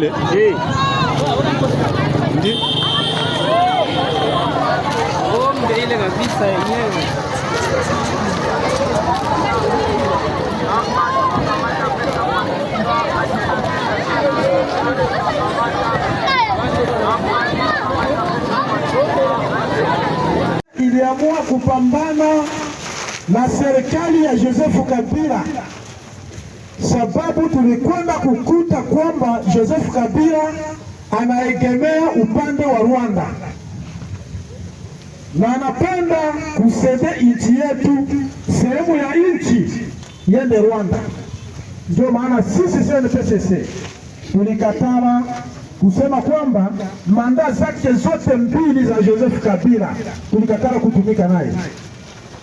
Il y a moi, yenyewe. Iliamua kupambana na Cali Joseph Kabila sababu tulikwenda kukuta kwamba Joseph Kabila anaegemea upande wa Rwanda na anapenda kusede nchi yetu, sehemu ya nchi yende Rwanda. Ndio maana sisi CNPSC tulikatala kusema kwamba manda zake zote mbili za Joseph Kabila tulikatala kutumika naye,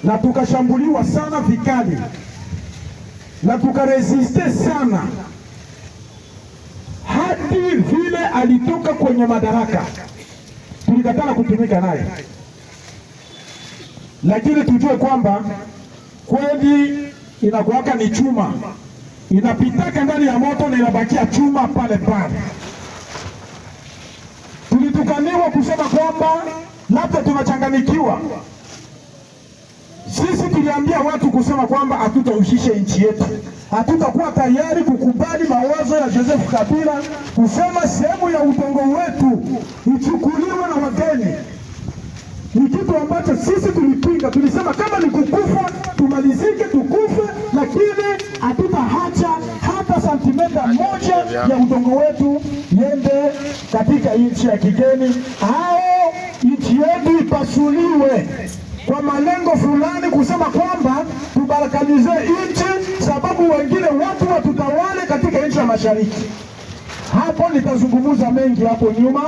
na tukashambuliwa sana vikali na tukaresiste sana hadi vile alitoka kwenye madaraka, tulikatana kutumika naye, lakini tujue kwamba kweli inakuwaka ni chuma inapitaka ndani ya moto na inabakia chuma pale pale. Tulitukaniwa kusema kwamba labda tunachanganikiwa sisi tuliambia watu kusema kwamba hatutaushishe nchi yetu, hatutakuwa tayari kukubali mawazo ya Joseph Kabila kusema sehemu ya udongo wetu ichukuliwe na wageni. Ni kitu ambacho sisi tulipinga, tulisema kama ni kukufa tumalizike, tukufe, lakini hatutahacha hata santimeta moja ya udongo wetu yende katika nchi ya kigeni, au nchi yetu ipasuliwe kwa malengo fulani, kusema kwamba tubarakanize nchi, sababu wengine watu watutawale katika nchi ya mashariki. Hapo nitazungumza mengi hapo nyuma,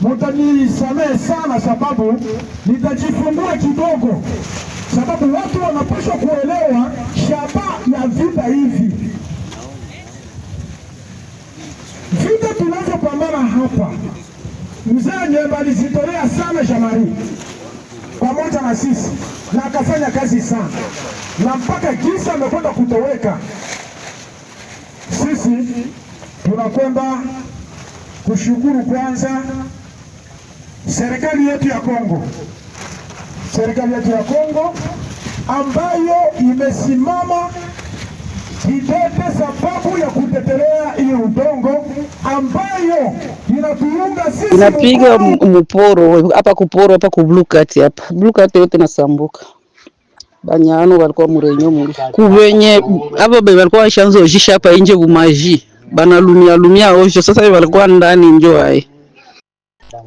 mutanisamehe sana, sababu nitajifungua kidogo, sababu watu wanapaswa kuelewa shaba ya vita hivi vita tunazopambana hapa. Mzee Nyemba alizitolea sana jamari pamoja na sisi na akafanya kazi sana, na mpaka jinsi amekwenda kutoweka, sisi tunakwenda kushukuru kwanza serikali yetu ya Kongo, serikali yetu ya Kongo ambayo imesimama kidete sababu ya inaendelea ili udongo ambayo inatuunga sisi, inapiga mporo hapa kuporo hapa ku blue cat hapa blue cat yote nasambuka banyano walikuwa murenyo muri kubenye hapa bai walikuwa washanzo jisha hapa inje bumaji bana lumia lumia osho Sasa walikuwa ndani njo hai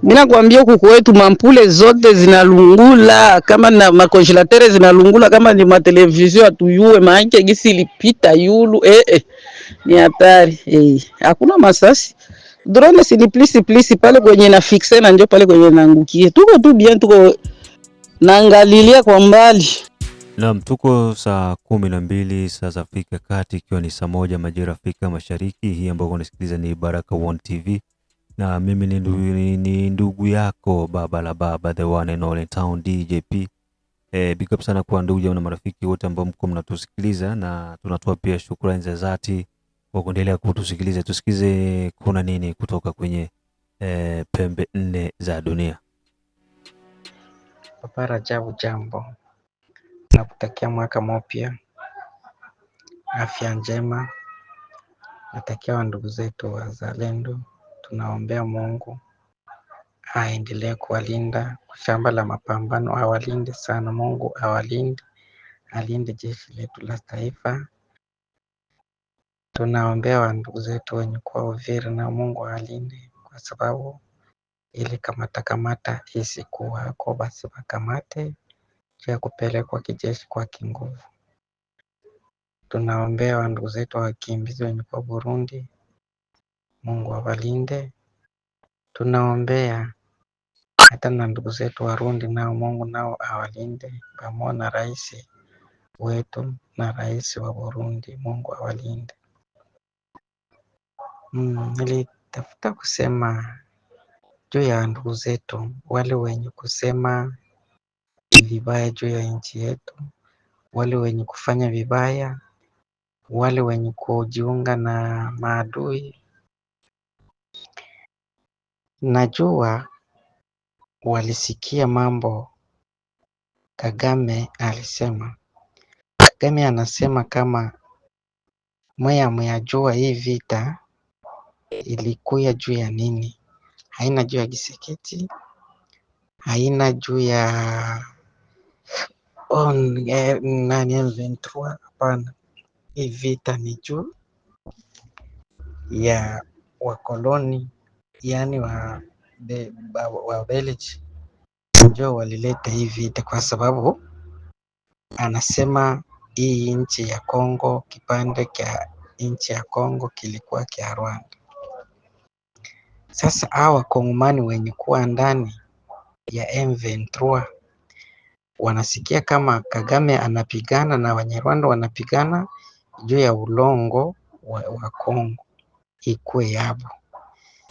mina kwambia kuku wetu mampule zote zinalungula kama na makongelatere zinalungula kama ni matelevizio atuyue maanke gisi ilipita yulu ee eh, eh ni hatari eh. Hakuna masasi drone, si ni plisi plisi pale kwenye na fixe na njo pale kwenye naangukie. Tuko tu bien, tuko naangalilia kwa mbali. Naam, tuko saa kumi na mbili saa za Afrika Kati, ikiwa ni saa moja majira Afrika Mashariki. Hii ambayo unasikiliza ni Baraka One TV na mimi ni ndugu, ni ni ndugu yako baba la baba, the one and only town DJP. Eh, big up sana kwa ndugu na marafiki wote ambao mko mnatusikiliza, na tunatoa pia shukrani za dhati kwa kuendelea kutusikiliza. Tusikize kuna nini kutoka kwenye e, pembe nne za dunia. Papa Rajabu, jambo, nakutakia mwaka mpya, afya njema. Natakia wa ndugu zetu wazalendo, tunaombea Mungu aendelee kuwalinda shamba la mapambano, awalinde sana Mungu, awalinde alinde jeshi letu la taifa tunaombea wandugu zetu wenye kuwa Uvira na Mungu awalinde kwa sababu ili kamata kamata isikuwako basi wakamate kisha kupelekwa kijeshi kwa kinguvu. tunaombea wandugu zetu wakimbizi wenye kuwa Burundi, Mungu awalinde. Tunaombea hata na ndugu zetu Warundi nao Mungu nao awalinde pamoja na rais wetu na rais wa Burundi Mungu awalinde. Mm, nilitafuta kusema juu ya ndugu zetu wale wenye kusema vibaya juu ya nchi yetu, wale wenye kufanya vibaya, wale wenye kujiunga na maadui. Najua walisikia mambo Kagame alisema. Kagame anasema kama mwe ameyajua hii vita ilikuwa juu ya nini? Haina juu ya kisikiti, haina juu ya eh, M23. Hapana, hii vita ni juu ya wakoloni, yaani wa wabeleji ndio walileta hii vita, kwa sababu anasema hii nchi ya Kongo, kipande cha nchi ya Kongo kilikuwa kia Rwanda. Sasa hawa wakongomani wenye kuwa ndani ya M23 wanasikia kama Kagame anapigana na Wanyarwanda wanapigana juu ya ulongo wa, wa Kongo ikuwe yabo.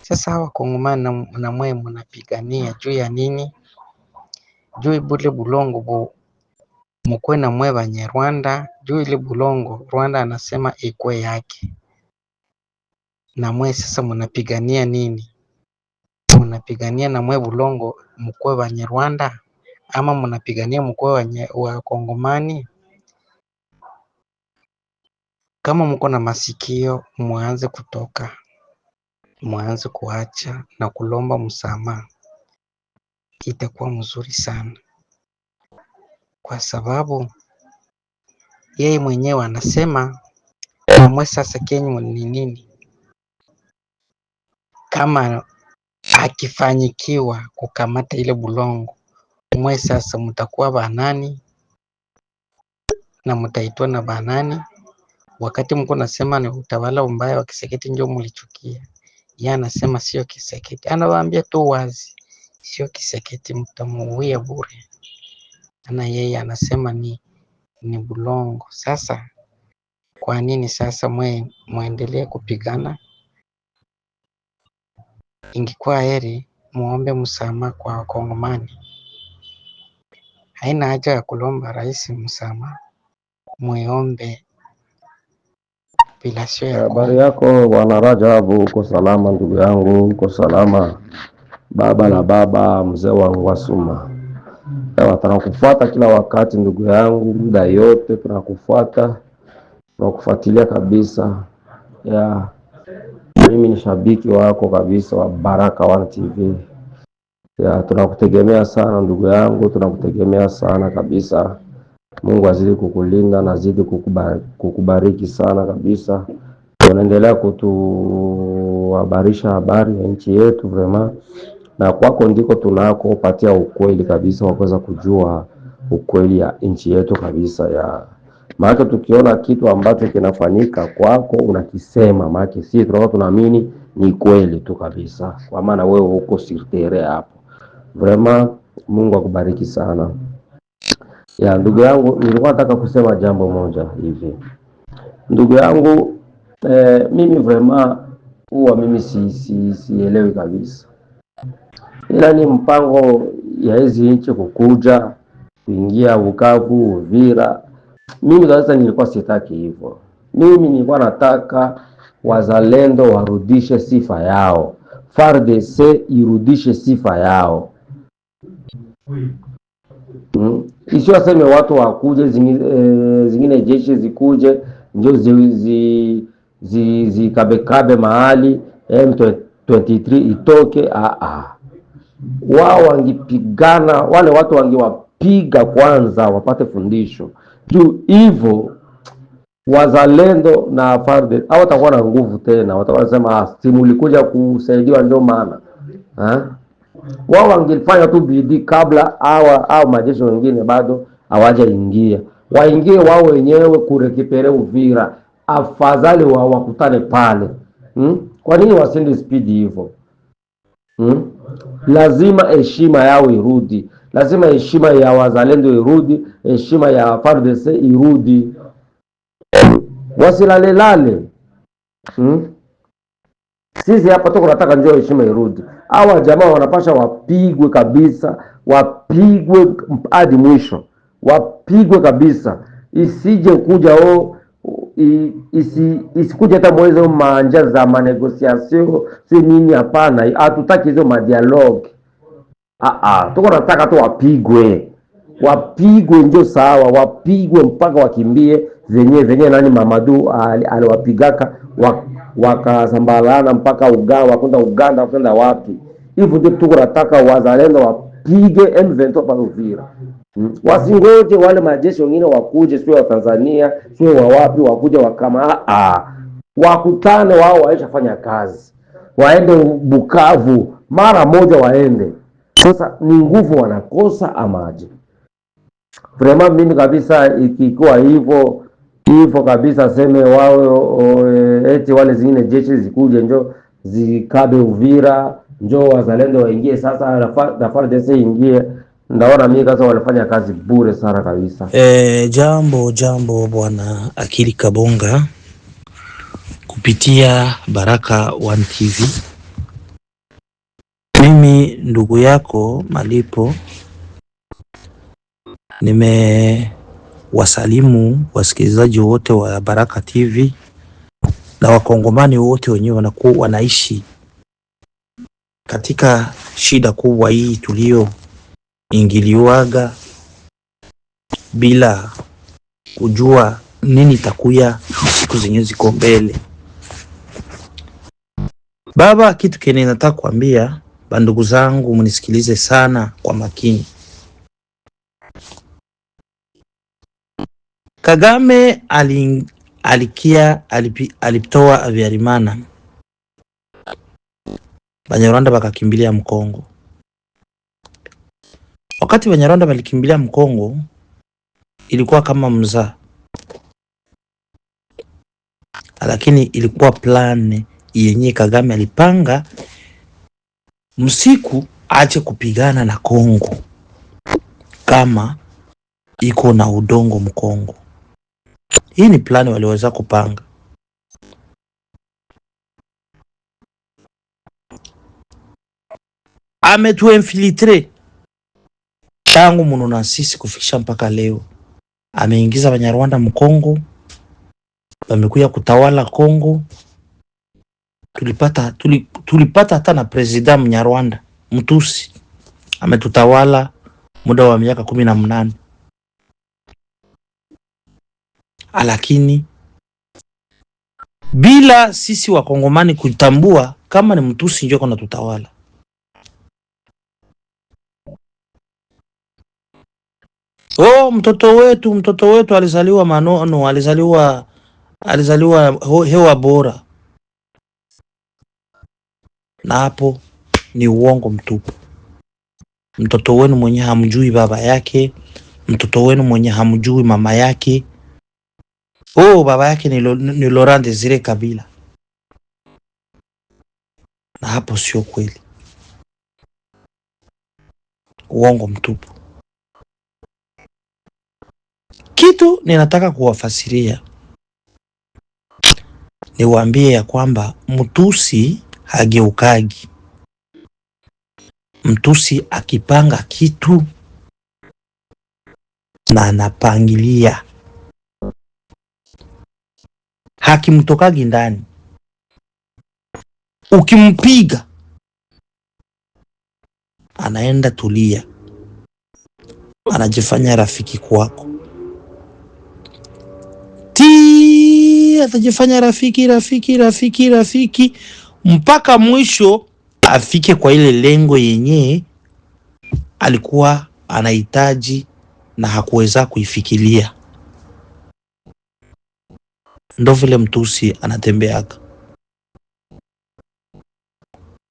Sasa hawa wakongomani na mwe mnapigania juu ya nini? Juu bule bulongo bu, mukwe namwe mwe rwanda juu ile bulongo Rwanda anasema ikuwe yake na mwe sasa munapigania nini? Munapigania na mwe bulongo mkuwe Banyarwanda ama munapigania mkuwe Wakongomani? Kama mko na masikio, mwanze kutoka, mwanze kuacha na kulomba msamaha, itakuwa mzuri sana, kwa sababu yeye mwenyewe anasema namwe sasa kenyu ni nini kama akifanyikiwa kukamata ile bulongo mwe sasa, mutakuwa banani na mutaitwa na banani. Wakati mko nasema ni utawala mbaya wa Kiseketi ndio mulichukia, yeye anasema sio Kiseketi, anawaambia tu wazi sio Kiseketi, mtamuuia bure. Na yeye anasema ni ni bulongo. Sasa kwa nini sasa mwe muendelee kupigana ingekuwa heri muombe msamaha kwa Wakongomani. Haina haja ya kulomba rais msamaha, mweombe bila sio habari yako. Bwana Rajabu, uko salama ndugu yangu? Uko salama baba na baba mzee wangu Wasuma Ewa, tunakufuata kila wakati ndugu yangu, muda yote tunakufuata, tunakufuatilia kabisa ya mimi ni shabiki wako kabisa wa Baraka One TV. Tunakutegemea sana ndugu yangu, tunakutegemea sana kabisa. Mungu azidi kukulinda na azidi kukubariki sana kabisa. Unaendelea kutuhabarisha habari ya nchi yetu vrema, na kwako ndiko tunakopatia ukweli kabisa wa kuweza kujua ukweli ya nchi yetu kabisa ya maana tukiona kitu ambacho kinafanyika kwako unakisema, maana sisi tunakuwa tunaamini ni kweli tu kabisa, kwa maana wewe huko sirtere hapo. Vraiment, Mungu akubariki sana. Ya ndugu yangu, nilikuwa nataka kusema jambo moja hivi, ndugu yangu eh, mimi vraiment huwa mimi si, si, sielewi kabisa, ila ni mpango ya hizi nchi kukuja kuingia Bukavu, Uvira mimi sasa nilikuwa sitaki hivyo. Mimi nilikuwa nataka wazalendo warudishe sifa yao, FARDC irudishe sifa yao hmm. Isiwaseme watu wakuje zingine, eh, zingine jeshi zikuje ndio zikabekabe zi, zi, zi mahali M23 itoke. Wao wangipigana, wale watu wangewapiga kwanza, wapate fundisho juu hivyo wazalendo na FARDC hawatakuwa na nguvu tena, watakuwa nasema ah, simu kusaidiwa, ndio maana wao wangefanya tu bidii kabla hawa au majeshi wengine bado hawajaingia, waingie wao wenyewe kurekipere Uvira, afadhali wao wakutane pale hmm? Kwa nini wasende spidi hivyo hmm? Lazima heshima yao irudi lazima heshima ya wazalendo irudi, heshima ya FARDC irudi, wasilalelale hmm? Sisi hapa tuko nataka njoo heshima irudi. Hawa jamaa wanapasha wapigwe kabisa, wapigwe hadi mwisho, wapigwe kabisa, isije kuja o isi isikuja hata mwezo manja za manegosiasio si nini. Hapana, hatutaki hizo madialogue. Aa, ah, ah, tuko nataka tu wapigwe, wapigwe ndio sawa, wapigwe mpaka wakimbie venyewe venyewe. Nani Mamadu aliwapigaka wakasambalana mpaka Uga, wakenda Uganda, wakenda wapi hivyo. Ndio tuko nataka wazalendo wapige M23 pa Uvira. Hmm. Wasingoje wale majeshi wengine wakuje, sio wa Tanzania sio wa wapi, wakuje wakama aa, ah, wakutane wao waisha fanya kazi, waende Bukavu mara moja, waende sasa ni nguvu wanakosa amaje vrema. Mimi kabisa ikikuwa hivyo hivyo kabisa, seme wao eh, eti wale zingine jeshi zikuje njo zikabe Uvira, njo wazalendo waingie. Sasa na FARDC ingie Ndaona mimi sasa wanafanya kazi bure sana kabisa. E, jambo jambo bwana Akili Kabonga kupitia Baraka One TV. Mimi ndugu yako Malipo nimewasalimu wasikilizaji wote wa Baraka TV na wakongomani wote wenyewe wanakuwa wanaishi katika shida kubwa hii tuliyoingiliwaga bila kujua nini takuya siku zenyewe ziko mbele. Baba, kitu kene nataka kuambia Bandugu zangu, mnisikilize sana kwa makini. Kagame ali, alikia alipi, alitoa Habyarimana, Banyarwanda bakakimbilia Mkongo. Wakati Banyarwanda walikimbilia Mkongo, ilikuwa kama mzaa, lakini ilikuwa plan yenye Kagame alipanga Msiku ache kupigana na Kongo kama iko na udongo mkongo. Hii ni plani waliweza kupanga. Ametuinfiltre tangu muno na sisi kufikisha mpaka leo, ameingiza Banyarwanda mkongo, wamekuya kutawala Kongo tulipata tulipata hata na presida Mnyarwanda Mtusi ametutawala muda wa miaka kumi na mnane, ah, lakini bila sisi wakongomani kutambua kama ni Mtusi ndio kana tutawala. Oh, mtoto wetu mtoto wetu alizaliwa Manono, alizaliwa alizaliwa hewa bora na hapo ni uongo mtupu. Mtoto wenu mwenye hamjui baba yake, mtoto wenu mwenye hamjui mama yake. Oh, baba yake ni, ni Laurent Desire Kabila, na hapo sio kweli, uongo mtupu. Kitu ninataka kuwafasiria niwaambie ya kwamba mtusi hageukagi. Mtusi akipanga kitu na anapangilia, hakimtokagi ndani. Ukimpiga anaenda tulia, anajifanya rafiki kwako ti, atajifanya rafiki rafiki rafiki rafiki mpaka mwisho afike kwa ile lengo yenye alikuwa anahitaji na hakuweza kuifikilia Ndo vile mtusi anatembeaka.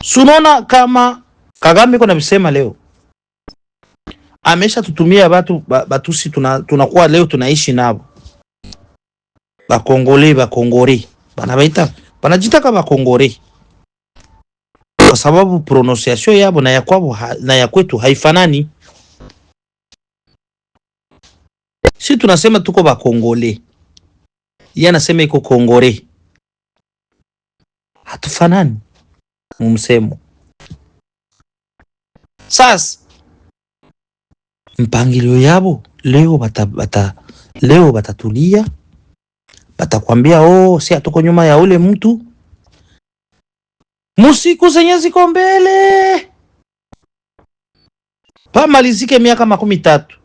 Sunaona kama Kagame kuna visema leo amesha tutumia batu batusi, tunakuwa tuna leo tunaishi nabo bakongole bakongore banabaita banajitaka bakongore kwa sababu pronunciation yabo na ya kwabo na ya kwetu haifanani. Si tunasema tuko Kongole, yeye anasema iko kongore, hatufanani mumsemo. Sasa mpangilio yabo leo bata, bata, leo batatulia, batakwambia oh, si atuko nyuma ya ule mtu Musiku zenye ziko mbele pamalizike miaka makumi tatu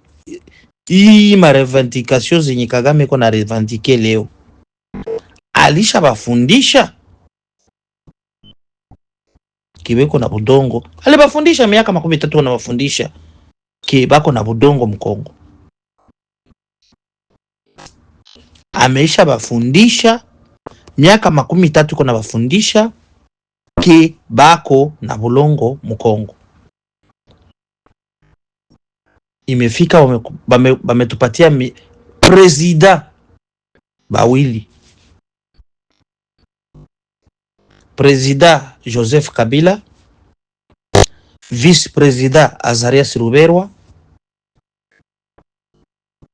ii marevendikasio zenye Kagame ko na revendike leo alisha bafundisha kiweko na budongo, alibafundisha miaka makumi tatu wanabafundisha kibako na budongo. Mkongo ameisha bafundisha miaka makumi tatu kona bafundisha Ki, Bako na Bulongo Mkongo. Imefika wametupatia wame presida bawili Presida Joseph Kabila, vice presida Azarias Ruberwa,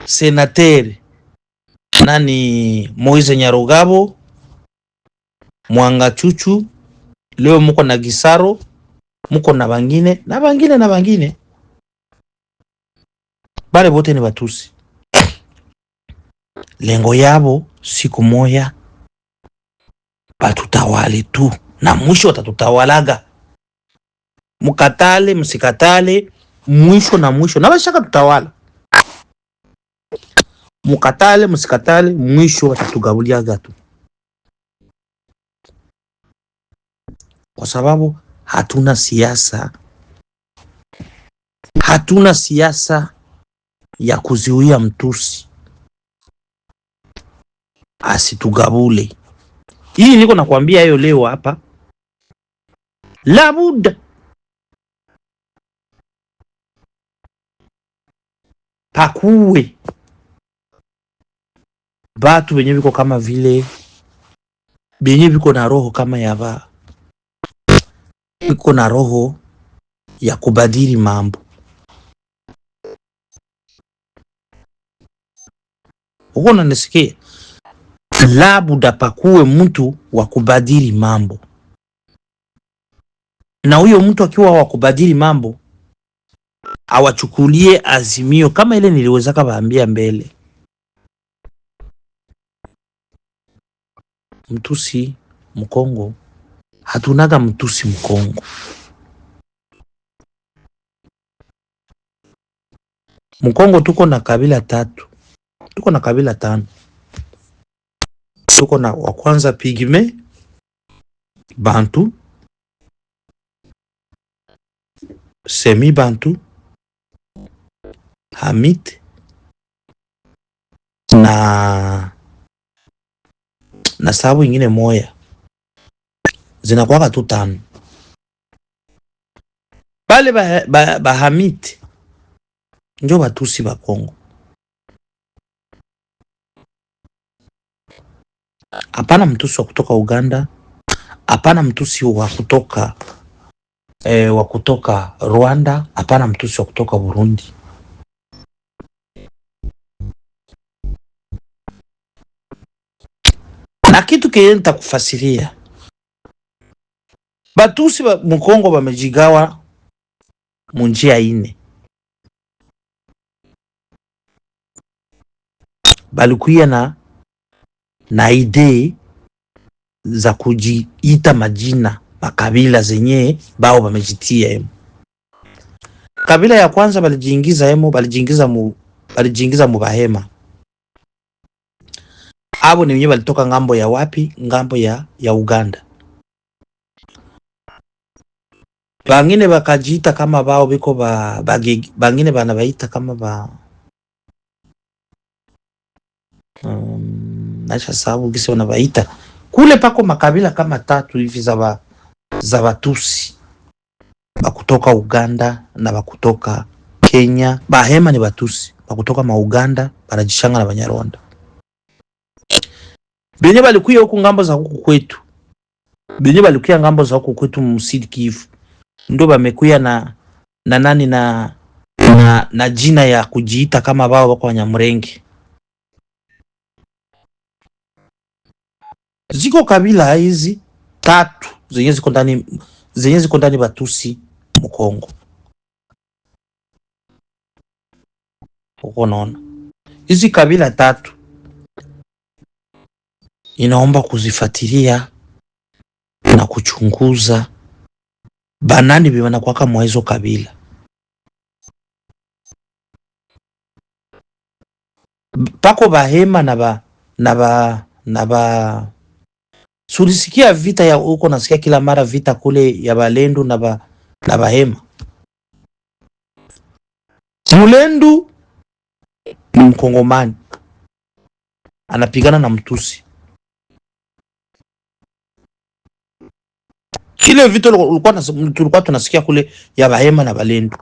senateur nani Moise Nyarugabo, Mwanga Chuchu leo muko na Gisaro, muko na bangine na bangine na bangine, bale bote ni Batusi. Lengo yabo siku moya batutawale tu, na mwisho watatutawalaga. Mukatale msikatale, mwisho na mwisho na bashaka tutawala. Mukatale msikatale, mwisho watatugabuliaga tu. kwa sababu hatuna siasa, hatuna siasa ya kuziuia mtusi asitugabule. Hii niko nakwambia hiyo leo hapa, labuda pakuwe batu benye viko kama vile benye viko na roho kama yaba iko na roho ya kubadili mambo. Uko nanisikia? Labuda pakuwe mtu wa kubadili mambo, na huyo mtu akiwa wa kubadili mambo awachukulie azimio kama ile niliweza baambia mbele, mtusi Mkongo hatunaga mtusi Mkongo. Mkongo tuko na kabila tatu, tuko na kabila tano. Tuko na wa kwanza pigme Bantu, semi Bantu, Hamit na na sababu ingine moya zinakuwaga tu tano. Bale bahamiti ba, ba njo batusi ba Kongo, hapana mtusi wa kutoka Uganda, hapana mtusi wa kutoka E, wa kutoka Rwanda hapana mtusi wa kutoka Burundi. Na kitu kile nitakufasiria Batusi ba mukongo bamejigawa munjia ine, balikuya na, na ide za kujiita majina makabila zenye bao bamejitia emo. Kabila ya kwanza balijiingiza emo, balijiingiza mu balijiingiza mu bahema abo, ni wenyewe balitoka ngambo ya wapi? Ngambo ya, ya Uganda bangine bakajiita kama bao biko ba, bagigi, bangine banabaita kama ba um, naisha sababu gisi wanabaita kule pako makabila kama tatu hivi za za Batusi bakutoka Uganda na bakutoka Kenya. Bahema ni Batusi bakutoka ma Uganda banajishanga na Banyarwanda benye balikuya huku ngambo za huku kwetu, benye balikuya ngambo za huku kwetu msidi Kivu ndio bamekuya na na nani na, na na jina ya kujiita kama wao wako Wanyamurenge. Ziko kabila hizi tatu zenye ziko ndani zenye ziko ndani Batusi Mkongo, uko naona hizi kabila tatu inaomba kuzifatiria na kuchunguza banani kwaka mwahizo kabila pako bahema na ba na ba na ba sulisikia vita ya uko, nasikia kila mara vita kule ya balendu na ba na bahema. Mulendu ni mkongomani anapigana na mtusi kile vitu ulikuwa tulikuwa tunasikia kule ya Bahema na Balendu.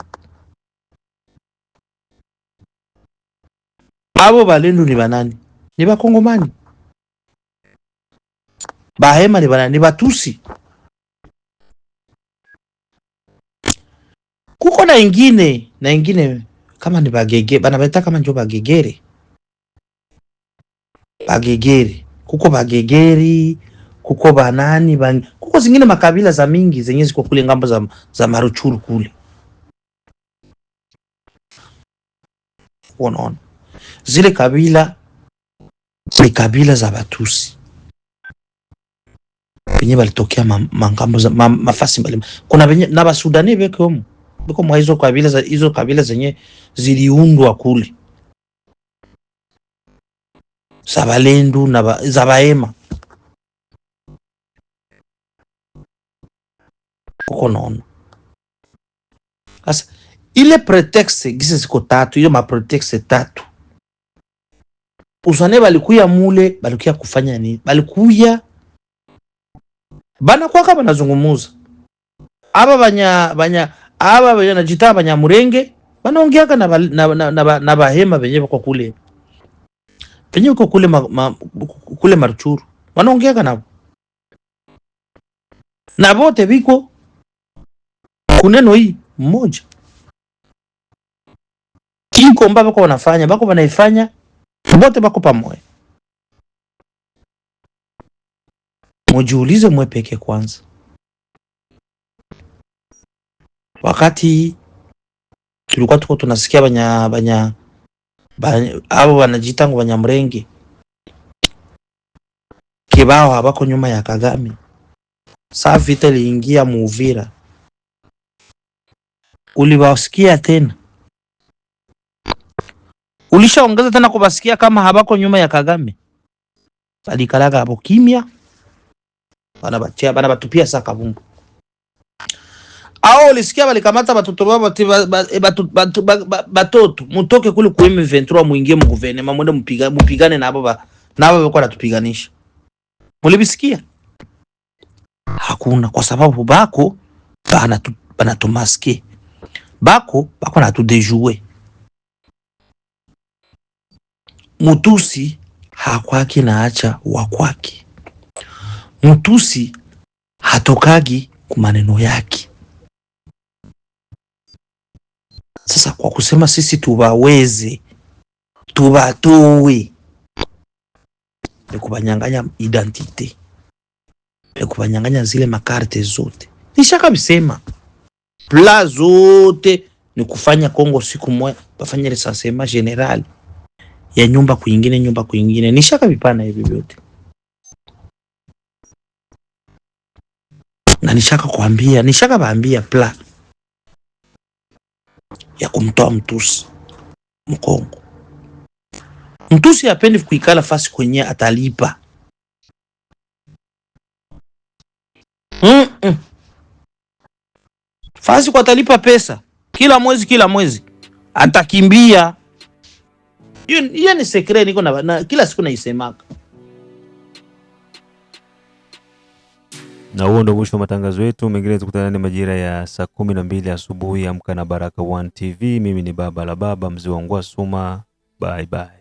Abo Balendu ni banani? Ni Bakongomani. Bahema ni banani? Ni Batusi. Kuko na ingine na ingine kama ni bagege bana kama njo bagegere bagegeri kuko bagegeri kuko banani bangi, kuko zingine makabila za mingi zenye ziko kule ngambo za, za Maruchuru kule, unaona zile kabila ni kabila za Batusi benye balitokea mangambo za mafasi mbali. Kuna benye na Basudani bekomo mwa hizo kabila za hizo kabila zenye ziliundwa kule za Balendu na za Baema ukonaona sasa ile pretext gisi ziko tatu, ile mapretext tatu usane balikuya mule, balikuya kufanya nini? Balikuya bana kwaka banazungumuza aba banya banya aba banya najita banya murenge banaongeaka na, ba, na, na, na, na bahema benye bako kule benye bako kule ma, ma, kule Maruchuru banaongeaka nabo na bote biko kuneno hii mmoja kiko mba bako wanafanya bako wanaifanya bote bako pamoja. Mujiulize mwe peke kwanza, wakati tulikuwa tuko tunasikia banya banya abo wanajiita banya Banyamurenge kibao habako nyuma ya Kagame, saa vita liingia muuvira uliwasikia tena, ulishaongeza tena kubasikia kama habako nyuma ya Kagame. Balikalaka hapo kimya, banabatia banabatupia saa bungu ao ulisikia balikamata batoto eh, batoto mutoke kuli ku M23 muingie mu guvernema mwende mupigane nabo nabo bako natupiganisha. Mulibisikia? Hakuna, kwa sababu bako banatumaske bako bako na tudejue mutusi hakwaki na acha wakwaki mutusi hatokagi kumaneno yake. Sasa kwa kusema sisi tubaweze tubatowe ni kubanyanganya identite, ni kubanyanganya zile makarte zote, nishaka bisema pla zote ni kufanya Kongo siku moja bafanye resansema general ya nyumba kuingine nyumba kuingine, nishaka vipana hivi vyote na nishaka kuambia, nishaka baambia pla ya kumtoa mtusi Mkongo. Mtusi hapendi kuikala fasi kwenye atalipa mm -mm. Fasi kwa atalipa pesa kila mwezi kila mwezi atakimbia. Hiyo ni sekre niko na, na kila siku naisemaka. Na huo ndo mwisho wa matangazo yetu, mengine tukutane majira ya saa kumi na mbili asubuhi. Amka na Baraka One TV. Mimi ni baba la baba mzee wa Ngwasuma. Bye bye.